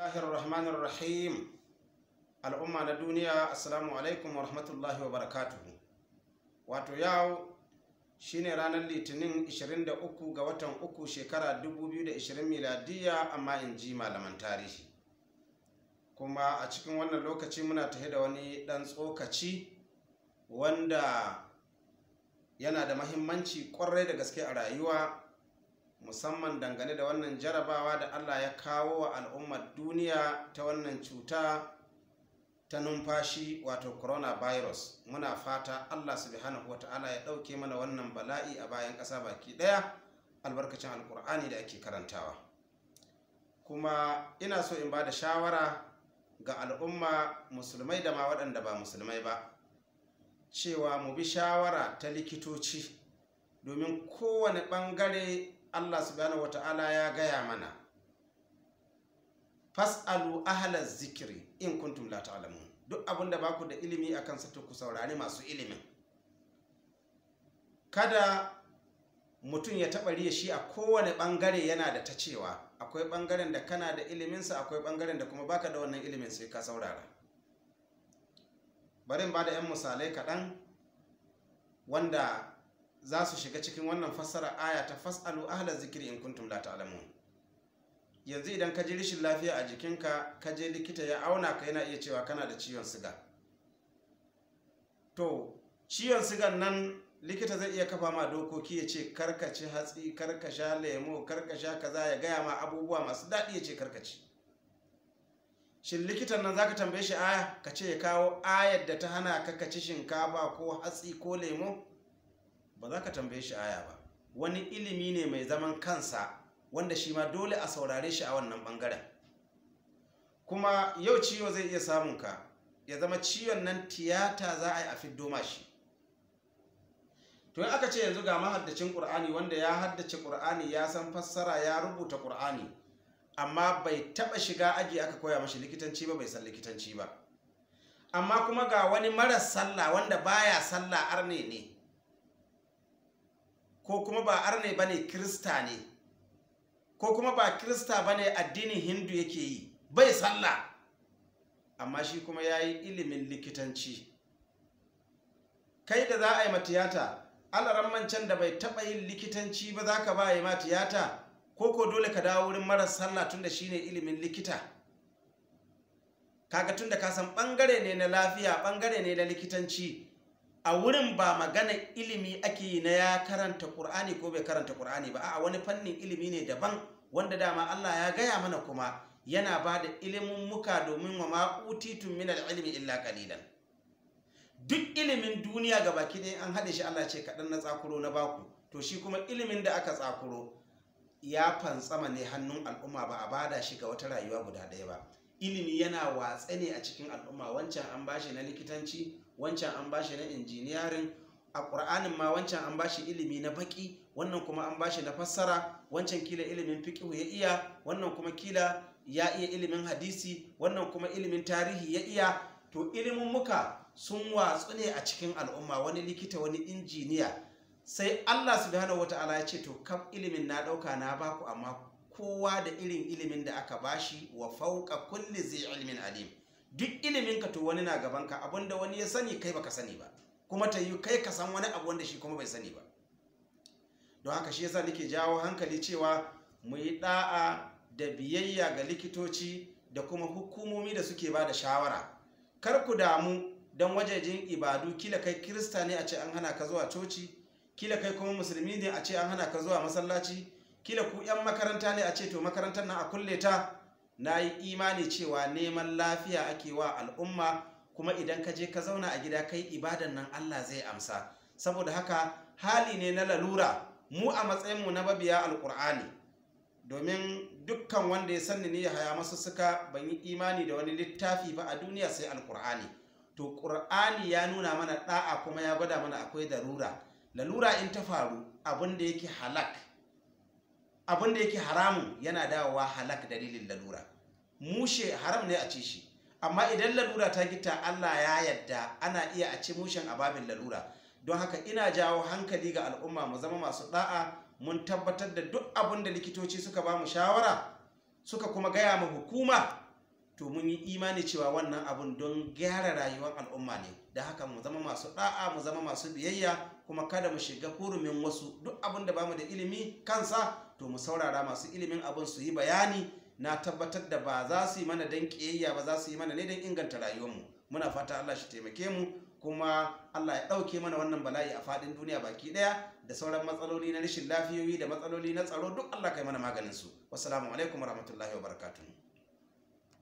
Bismillahir Rahmanir Rahim. Al'umma na duniya, Assalamu alaikum wa rahmatullahi wa Wato yau shine ranar Litinin 23 ga watan uku shekara 2020 miladiya amma in ji malaman tarihi. Kuma a cikin wannan lokaci muna tahe da wani ɗan tsokaci wanda yana da mahimmanci kwarai da gaske a rayuwa musamman dangane da wannan jarabawa da allah ya kawo wa al'ummar duniya ta wannan cuta ta numfashi wato coronavirus muna fata allah subhanahu ta'ala ya ɗauke mana wannan bala'i a bayan ƙasa baki ɗaya albarkacin alkur'ani da ake karantawa kuma ina so in ba da shawara ga al'umma musulmai da ma waɗanda ba musulmai ba cewa mu bi shawara ta likitoci domin kowane ɓangare Allah subhanahu wata'ala ya gaya mana fas'alu ahla zikiri in kuntum la ta'lamun duk abinda ba ku da ilimi akan sa to ku saurari masu ilimi kada mutum ya taba riya shi a kowane bangare yana da ta cewa akwai bangaren da kana da iliminsa akwai bangaren da kuma baka da wannan ilimin sai ka saurara bari ba da 'yan misalai kaɗan wanda za su shiga cikin wannan fassara aya ta fasalu ahla zikiri in kuntum la ta'lamun yanzu idan ka ji rashin lafiya a jikinka ka je likita ya auna ka yana iya cewa kana da ciwon siga to ciwon sigan nan likita zai iya kafa ma dokoki ya ce karkaci hatsi karkasha lemo karkasha kaza ya gaya ma abubuwa masu daɗi ya ce karkaci shin likitan nan za ka tambaye shi aya ka ce ya kawo ayar da ta hana ka ci shinkafa ko hatsi ko lemo ba za ka tambaye shi aya ba wani ilimi ne mai zaman kansa wanda shi ma dole a saurare shi a wannan bangaren kuma yau ciwo zai iya samun ka ya zama ciwon nan tiyata za a yi a fiddo shi to aka ce yanzu ga mahaddacin ƙur'ani wanda ya haddace ƙur'ani ya san fassara ya rubuta ƙur'ani amma bai taɓa shiga aji aka koya mashi likitanci ba bai san likitanci ba amma kuma ga wani marar sallah wanda baya sallah arne ne ko kuma ba arne bane kirista ne ko kuma ba kirista bane addinin hindu yake yi bai sallah amma shi kuma ya yi ilimin likitanci kai da za a yi matiyata alaran mancan da bai taɓa yin likitanci ba za ka ba yi matiyata ko ko dole ka dawo wurin marar sallah tun da shi ne ilimin likita kaga tun da ka san ɓangare ne na lafiya ɓangare ne na likitanci a wurin ba magana ilimi ake yi na ya karanta ƙur'ani ko bai karanta ƙur'ani ba a wani fannin ilimi ne daban wanda dama Allah ya gaya mana kuma yana ba da ilimin muka domin wa ma'utitun min ilimi illa qalilan duk ilimin duniya ga baki ɗaya an haɗe shi Allah ce kaɗan na tsakuro na baku to shi kuma ilimin da aka tsakuro ya fantsama ne hannun al'umma ba a bada shi ga wata rayuwa guda ɗaya ba ilimi yana watsa ne a cikin al'umma wancan an bashi na likitanci wancan an bashi na injiniyarin a ƙur'anin ma wancan an bashi ilimi na baki wannan kuma an bashi na fassara wancan kila ilimin fiƙihu ya iya wannan kuma kila ya iya ilimin hadisi wannan kuma ilimin tarihi ya iya to ilimin muka sun watsu ne a cikin al'umma wani likita wani injiniya sai allah subhanahu wata'ala ya ce to kaf ilimin na ɗauka na baku amma kowa da irin ilimin da aka bashi wa fauka kulli zai ilimin alim duk ilimin ka to wani na gabanka, ka abinda wani ya sani kai baka sani ba kuma ta yi kai ka san wani abu wanda shi kuma bai sani ba don haka shi yasa nake jawo hankali cewa mu yi da'a da biyayya ga likitoci da kuma hukumomi da suke ba da shawara kar ku damu don wajejen ibadu kila kai kirista ne a ce an hana ka zuwa coci kila kai kuma musulmi ne a ce an hana ka zuwa masallaci kila ku 'yan makaranta ne a ce to makarantar nan a kulle ta na yi imani cewa neman lafiya ake wa al'umma kuma idan ka je ka zauna a gida kai ibadan nan Allah zai amsa saboda haka hali ne na lalura mu a matsayinmu na babiya alkur'ani domin dukkan wanda ya sanni ne ya haya masu suka ban yi imani da wani littafi ba a duniya sai alkur'ani to ƙur'ani ya nuna mana ɗa'a kuma ya gwada mana akwai darura lalura in ta faru abin da yake halak abin da yake haramun yana dawowa halak dalilin lalura mushe haram ne a ci shi amma idan lalura ta gita Allah ya yadda ana iya a ci mushen babin lalura don haka ina jawo hankali ga al'umma mu zama masu da'a mun tabbatar da duk abin da likitoci suka ba mu shawara suka kuma gaya mu hukuma to mun yi imani cewa wannan abun don gyara rayuwar al'umma ne da haka mu zama masu da'a mu zama masu biyayya kuma kada mu shiga hurumin wasu duk abin da bamu da ilimi kansa to mu saurara masu ilimin abin su yi bayani na tabbatar da ba za su yi mana don ƙiyayya ba za su yi mana ne don inganta rayuwar mu. muna fata Allah shi taimake mu kuma Allah ya ɗauke mana wannan bala'i a faɗin duniya baki ɗaya da sauran matsaloli na rashin lafiyoyi da matsaloli na tsaro duk Allah kai mana maganin su wassalamu alaikum warahmatullahi wabarakatuh